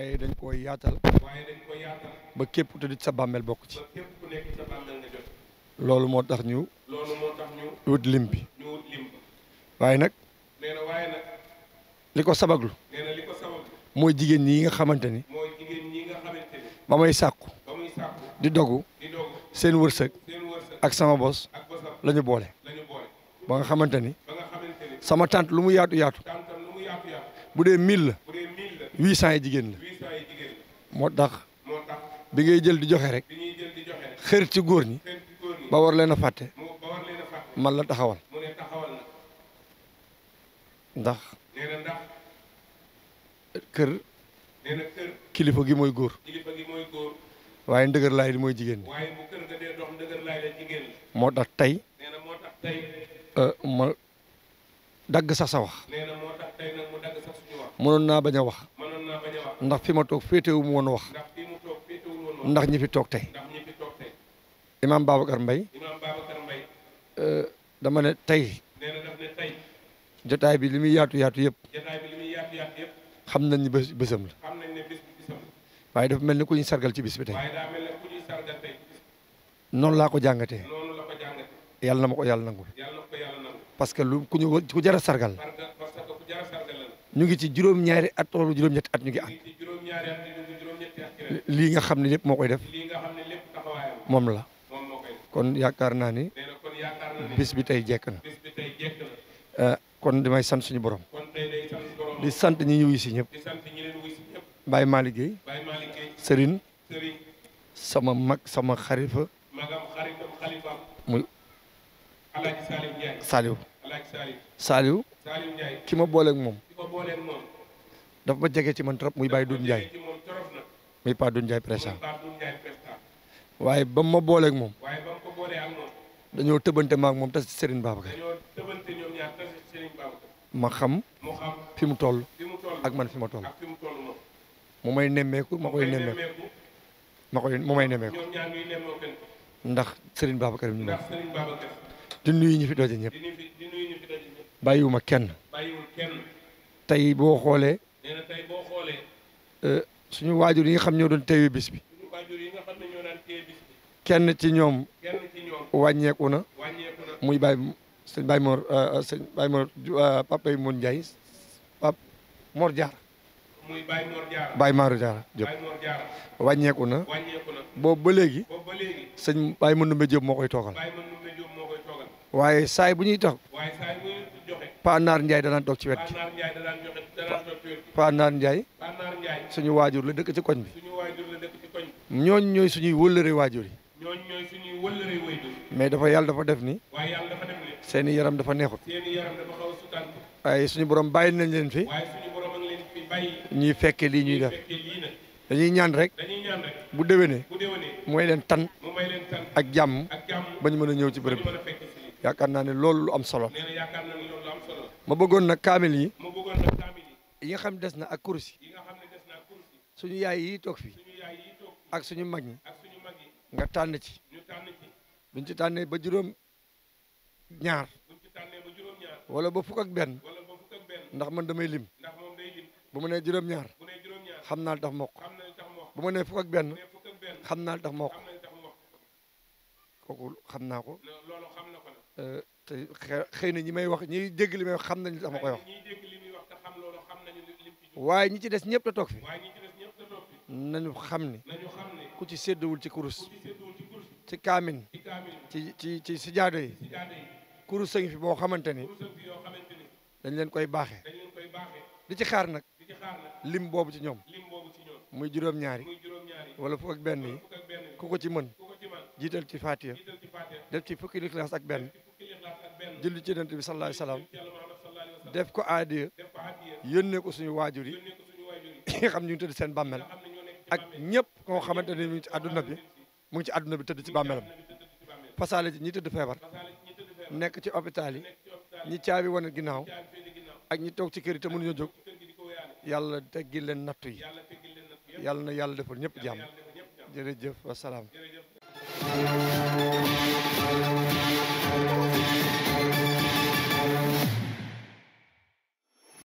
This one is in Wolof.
waaye dañ koo yaatal. ba képp ku sa bàmmeel bokk ci. sa bàmmeel nga jot. loolu moo tax ñu. loolu wut lim bi. waaye nag. li ko sabaglu. mooy jigéen ñi nga xamante ni. mooy ba may sàkku. di dogu. seen wërsëg. ak sama bos. ak bosam la boole. ba nga xamante sama tante lu mu yaatu yaatu. bu dee mille la. huit cent yi jigéen la. moo tax bi ngay jël di joxe rek xër ci góor ñi ba war leen a fàtte man la taxawal ndax kër kilifa gi mooy góor waaye ndëgër laay li mooy jigéen ñi moo tax tey euh, ma dagg sax sa wax mënoon naa bañ a wax ndax fi ma toog féetewu mu woon wax ndax ñi fi toog tey imaam Babacar mbay euh, dama ne tey jotaay bi li muy yaatu yaatu yëpp xam nañ ni bés bésam la waaye dafa mel ni ku ñuy sargal ci bis bi tey noonu laa ko jàngatee yàlla na ma ko yàlla nangul parce que lu ku ñu ku jar a sargal ñu ngi ci juróom-ñaari at wala juróom-ñetti at ñu ngi am lii nga xam ne lépp moo koy def moom la kon yaakaar naa ni bis bi tey jekk na euh, kon damay sant suñu borom di sant ñi ñu wuy si ñëpp Baye maa liggéey Serigne sama mag sama xarifa muy Saliou Saliou ki ma booleek moom booleeg daf ma jege ci man trop muy Baye Doudou Ndiaye. muy Paa Doudou Ndiaye président. waaye ba mu ma booleek moom. dañoo tëbante ma moom tas ci Serigne Babacar. ma xam. fi mu toll. ak man fi ma toll. mu may nemmeeku ma koy nemmeeku. ma koy mu may nemmeeku. ndax sëriñ Babacar ñu. ndax di nuyu ñi fi doje ñëpp. di nuyu bàyyiwuma kenn. tey boo xoolee. Euh, suñu waajur yi nga xam ñoo doon teewe bis bi. kenn ci ñoom. wàññeeku na. wàññeeku na muy Baye sëñ Baye Mor euh, euh, sëñ Mor Papa Moon Ndiaye Papa Mor Diarra. muy Baye Mor Diarra wàññeeku na. wàññeeku boobu ba léegi. boobu ba sëñ Baye Mandoumbe Diop moo koy toogal. moo koy toogal. waaye saay bu ñuy tax. Paa Naar Ndiaye danaan toog ci wet gi Paa Naar suñu waajur la dëkk ci koñ bi ñooñ ñooy suñuy wëllëre waajur yi mais dafa yàlla dafa def ni seeni yaram dafa neexut waaye suñu borom bàyyi nañ leen fi ñuy fekke lii ñuy def dañuy ñaan rek bu déwénee mooy leen tan ak jàmm ba ñu mën a ñëw ci bërëb bi yaakaar naa ne loolu lu am solo ma bëggoon nag kaamil yi yi nga xam des na ak kursi yi nga suñu yaay yi toog fii ak suñu mag ñi mag ñi nga tànn ci ñu buñ ci tànnee ba juróom ñaar walla ci ba fukk ak benn ndax man damay lim bu ma nee juróom ñaar xam naa tax mokk tax mokk bu ma nee fukk ak benn xam naa tax mokk kooku xam naa ko. loolu xam na euh, te xëy na ñi may wax ñi dégg li may xam nañu li ma koy wax. waaye ñi ci des ñëpp da toog fi. nañu xam ni. ku ci sédduwul ci kurus. ci kaamin. ci ci ci si jaado yi. kurus a fi boo xamante ni. dañ leen koy baaxe di ci xaar nag. lim boobu ci ñoom. muy juróom-ñaari. wala fukk ak benn yi ku ko ci mën. jiital ci Fatiha def ci fukki Ixlaas ak benn julli ci Yonent bi sallallahu alayhi def ko aadiya yónnee ko suñu waajur yi nga xam ñu tëdd seen bàmmeel ak ñëpp koo xamante ne mu ngi ci àdduna bi mu ci àdduna bi tëdd ci bàmmeelam fasaale ci ñi tëdd feebar nekk ci hôpital yi ñi caabi wane ginnaaw ak ñi toog ci kër yi te mënuñoo jóg yàlla teggil leen nattu yi yàlla na yàlla defal ñëpp jàmm jërëjëf wasalaam Thank you.